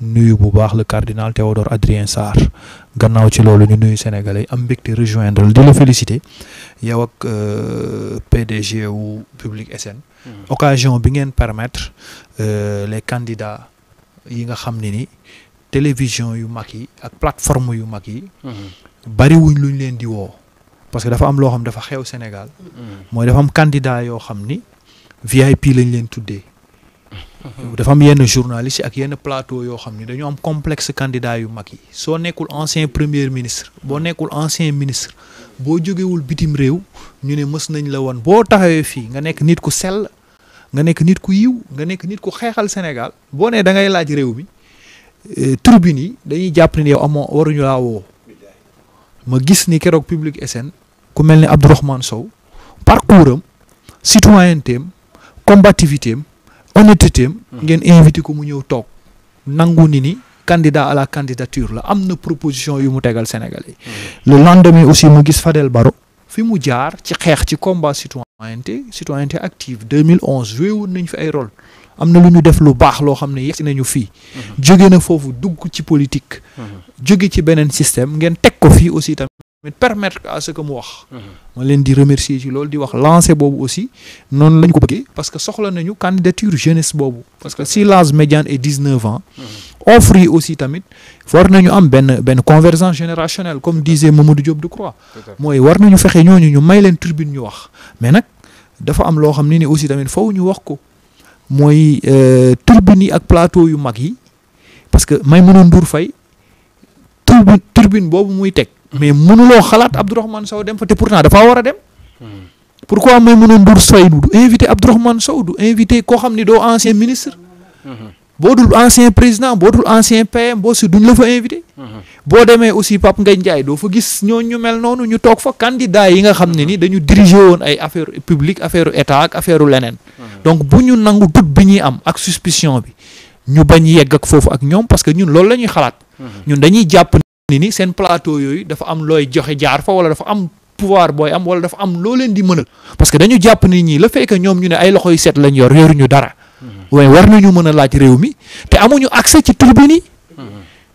Nous, bu le cardinal Théodore Adrien sar gannaaw ci loolu sénégalais am rejoindre di la féliciter yow ak euh, PDG ou Public SN. Hmm. occasion bi permettre euh, les candidats yi nga télévision yu plateforme yu mag yi. Hmm. wuñ parce que dafa am xam Sénégal. Hmm. mooy dafa am candidat VIP lañ Mhm. dafa am yenn journaliste ak yenn plateau yoo xam ni dañu am complexe candidat yu mag yi soo nekkul ancien premier ministre boo nekkul ancien ministre boo jógewul bitim réew ñu ne mës nañ la woon boo taxawee fii nga nekk nit ku sell nga nekk nit ku yiw nga nekk nit ku xeexal Sénégal boo nee da ngay laaj réew mi eh, tribune yi dañuy jàpp ne yow amoo waruñu laa woo ma gis ni keroog Public SN ku mel ni Abdourahmane Sow parcours am citoyenneté am am honnêteté am ngeen invité ko mu ñëw toog nangu ni ni candidat à la candidature la am na proposition yu mu tegal Sénégalais yi mm-hmm. le lendemain aussi mu gis Fadel Barro fi mu jaar ci xeex ci combat citoyenneté citoyenneté active 2011 joué woon nañ fi ay rôle am na lu ñu def lu baax loo xam ne yegsi nañu fi mm-hmm. jóge na foofu dugg ci politique mm-hmm. jóge ci beneen système ngeen teg ko fii aussi tamit mais permettre à ce que mu wax. Mhm. ma leen di remercier ci loolu di wax lancer bobu aussi non lañ ko bëggee parce que soxla nañu candidature jeunesse bobu parce que si l'âge médian est dix neuf ans. Mhm. offre aussi tamit war nañu am ben ben convergence générationnelle comme disait Mamadou Diop Croix moy war nañu fexé ñoñu ñu may leen tribune ñu wax mais nak dafa am lo xamni ni aussi tamit faw ñu wax ko euh, tribune ak plateau yu mag yi parce que may mënoon Ndour fay tribune tribune boobu muy teg. mais mënuloo xalaat Abdourahmane Sow dem fa te pourtant dafaa war a dem. pourquoi Maïmouna Ndour Faye du invité Abdourahmane Sow du invité koo xam ni doo ancien ministre. boo dul ancien président boo dul ancien PM boo si duñ la fa invité. boo demee aussi Pape Ngagne Ndiaye doo fa gis ñooñu ñu mel noonu ñu toog fa candidat yi nga xam ne ni dañu diriger woon ay affaire publique affaire état ak affaire leneen. donc bu ñu nangu tut bi ñuy am ak suspicion bi ñu bañ yegg ak foofu ak ñoom parce que ñun loolu la ñuy ni ni seen plateau yooyu dafa am looy joxe jaar fa wala dafa am pouvoir booy am wala dafa am loo leen di mënal parce que dañu jàpp ni ñi le fait ñoom ñu ne ay loxo yu set lañ yor yoruñu dara mhm. waaye war nañu mën a laaj réew mi te amuñu accès ci tribune mhm.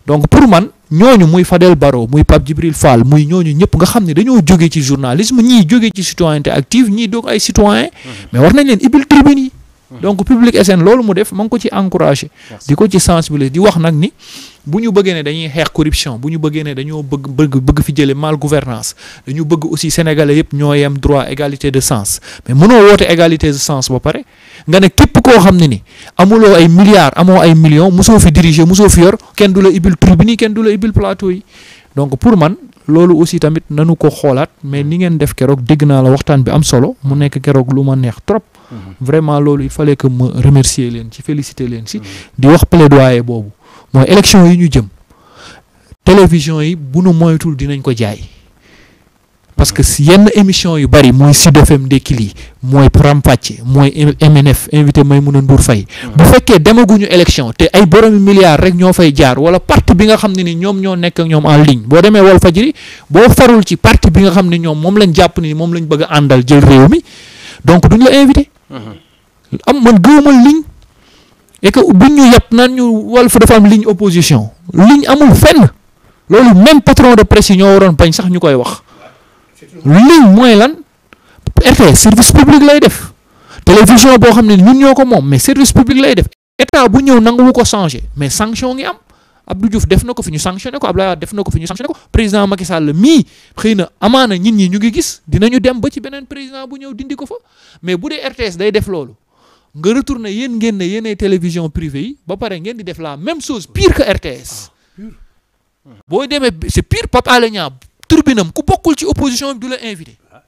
donc pour man ñooñu muy Fadel Barro muy Pape Djibril Fall muy ñooñu ñëpp nga xam ne dañoo jóge ci journalisme ñii jóge ci citoyenneté active ñii doog ay citoyen mhm. mais war nañ leen ibil tribune donc Public SN loolu mu def ma ko ci encouragé. di ko ci sensibiliser di wax nag ni bu ñu bëggee ne dañuy xeex corruption bu ñu bëggee ne dañoo bëgg bëgg bëgg fi jële mal gouvernance dañu bëgg aussi sénégalais yëpp ñoo yem droit égalité de sens mais mënoo woote égalité de sens ba pare nga ne képp koo xam ne ni amuloo ay milliards amoo ay millions mosoo fi diriger mosoo fi yor kenn du la ibil bi nii kenn du la ibil plateau yi donc pour man. loolu aussi tamit nanu ko xoolaat mais li ngeen def keroog dégg naa la waxtaan bi am solo mu nekk keroog lu ma neex trop Mhm. vraiment loolu il fallait que ma remercier leen ci féliciter leen si. Mhm. di wax plaidoyer boobu mooy élection yi ñu jëm télévision yi bu nu moytul dinañ ko jaay. parce que yenn émission yu bari mooy Sud FM Ndekki lii mooy Rampacce mooy MNF invité Maïmouna Ndour fay mhm. bu fekkee demaguñu élection te ay boromi milliards rek ñoo fay jaar wala parti bi nga xam ne ni ñoom ñoo nekk ak ñoom en ligne boo demee Walf Fadjri boo farul ci parti bi nga xam ne ñoom moom lañ jàpp ni moom lañ bëgg a àndal jël réew mi donc duñ la invité am man gëwuma ligne et que bu ñu yàpp naan ñu Walf dafa am ligne opposition ligne amul fenn loolu même patron de presse yi ñoo waroon bañ sax ñu koy wax ligne mooy lan RTS service public lay def télévision boo xam ne ñun ñoo ko moom mais service public lay def état bu ñëw nanguwu ko changer mais sanction ngi am ab Abdou Diouf def na ko fi ñu sanctionné ko Abdoulaye Wade def na ko fi ñu sanctionné ko président Macky Sall mii xëy na amaana ñit ñi ñu ngi gis dinañu dem ba ci beneen président bu ñëw dindi ko fa mais bu dee RTS day def loolu nga retourné yéen ngeen ne yéenay télévision privée yi ba pare ngeen di def la même chose pire que RTS. Ah, boo demee c'est pire papale Alé Niang turbinam ku bokkul ci opposition bi du la invité ah.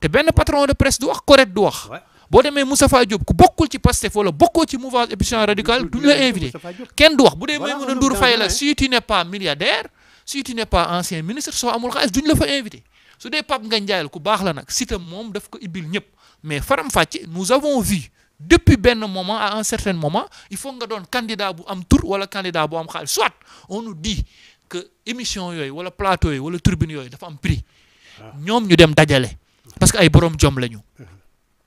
te benn patron de presse du wax correct du wax. boo demee Moustapha Diop ku bokkul ci Pastef wala bokkoo ci mouvement opposition radicale duñu la invité kenn du wax bu dee Maïmouna Ndour fay la si tu n'es pas milliardaire si tu n'es pas ancien ministre so amul xaalis duñ la fa invité su dé pap nga Ndiaye la ku la nak cité mom daf ko ibil ñep mais faram fàcce nous avons vu depuis ben moment à un certain moment il faut nga doon candidat bu am tour wala candidat bu am xal soit on nous dit que émission yoy wala plateau yoy wala tribune yoy dafa am prix ah. ñom ñu dem dajalé parce que ay borom jom lañu uh-huh.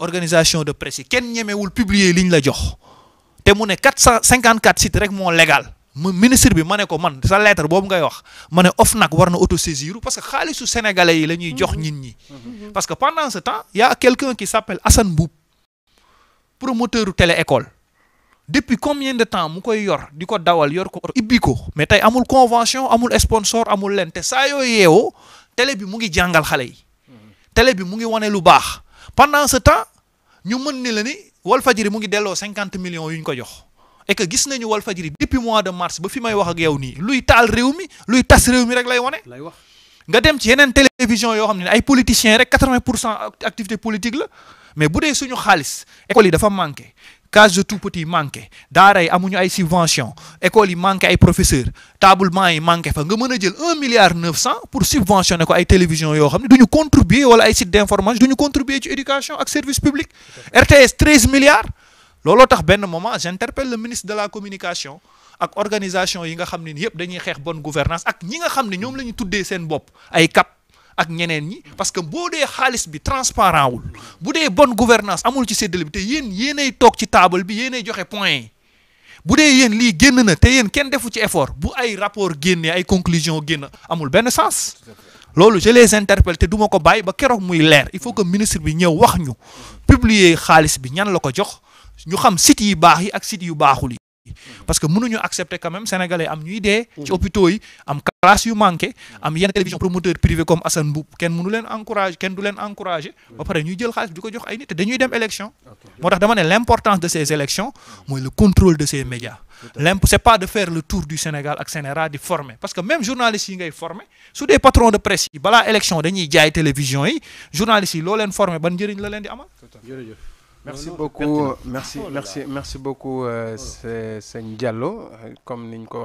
organisation de presse Ken kenn ñemewul publier liñ la jox Té mu né 454 sites rek mo légal le ministre bi mané ko man sa lettre bobu ngay wax mané ne OFNAC war na saisir parce que xaalisu sénégalais yi lañuy jox nit ñi. parce que pendant ce temps il y a quelqu'un qui s'appelle Hassan Boub promoteur de télé école. depuis combien de temps mu koy yor diko dawal yor ko ibbi ko mais tay amul convention amul sponsor amul lente. te saa yoo yeewoo télé bi mu ngi jàngal xalé yi. télé bi mu ngi wane lu baax. pendant ce temps ñu mën ni la ni Walfadjri mu ngi delloo cinquante millions yu ñu ko jox et que gis nañu Walfadjri depuis mois de mars ba fi may wax ak yow nii luy taal réew mi luy tas réew mi rek lay wane. lay wax nga dem ci yeneen télévision yoo xam ne ay politiciens rek quatre-vingt pour cent activité politique la mais bu dee suñu xaalis école yi dafa manqué. Cas de tout petit manqué daaray amuñu ay subvention école yi manqué ay professeurs tablement yi manqué fa nga mëna jël un milliard neuf pour subventionner ko ay télévision yo xamni duñu contribuer wala ay site d'information, duñu contribuer ci éducation ak service public RTS 13 milliards Lolo tax ben moment j'interpelle le ministre de la communication ak organisation yi nga xamni ne dañuy bonne gouvernance ak ñi nga xamni ñom ñoom tuddé ay cap ak ñeneen ñi parce que boo dee xaalis bi transparent wul bu dee bonne gouvernance amul ci séddale bi te yéen yéenay toog ci taabal bi yéenay joxe point yi bu dee yéen lii génn na te yéen kenn defu ci effort bu ay rapport génnee ay conclusion génn amul benn sens loolu je les interpelle te du ko bàyyi ba keroog muy leer il faut que ministre bi ñëw wax ñu publier xaalis bi ñan la ko jox ñu xam sit yi baax yi ak sites yu baaxul yi Mm-hmm. parce que mënuñu accepter quand même sénégalais am ñuy dé ci mm-hmm. hôpitaux yi am classe yu manqué. am yene télévision promoteur privé comme Assane Mboup kenn mënu leen encouragé kenn du leen encourager mm-hmm. ba paré ñuy jël xaalis diko jox ay nit te dañuy dem élection. motax dama né l'importance de ces élections moy le contrôle de ces médias. l'imp pas de faire le tour du Sénégal ak Sénéra di former parce que même journalistes yi ngay former sous des patrons de presse yi balaa élection dañuy jaay télévision yi journalistes yi loo leen former ban njëriñ la leen di amal. Merci beaucoup merci merci merci beaucoup Sen Diallo euh, comme niñ ko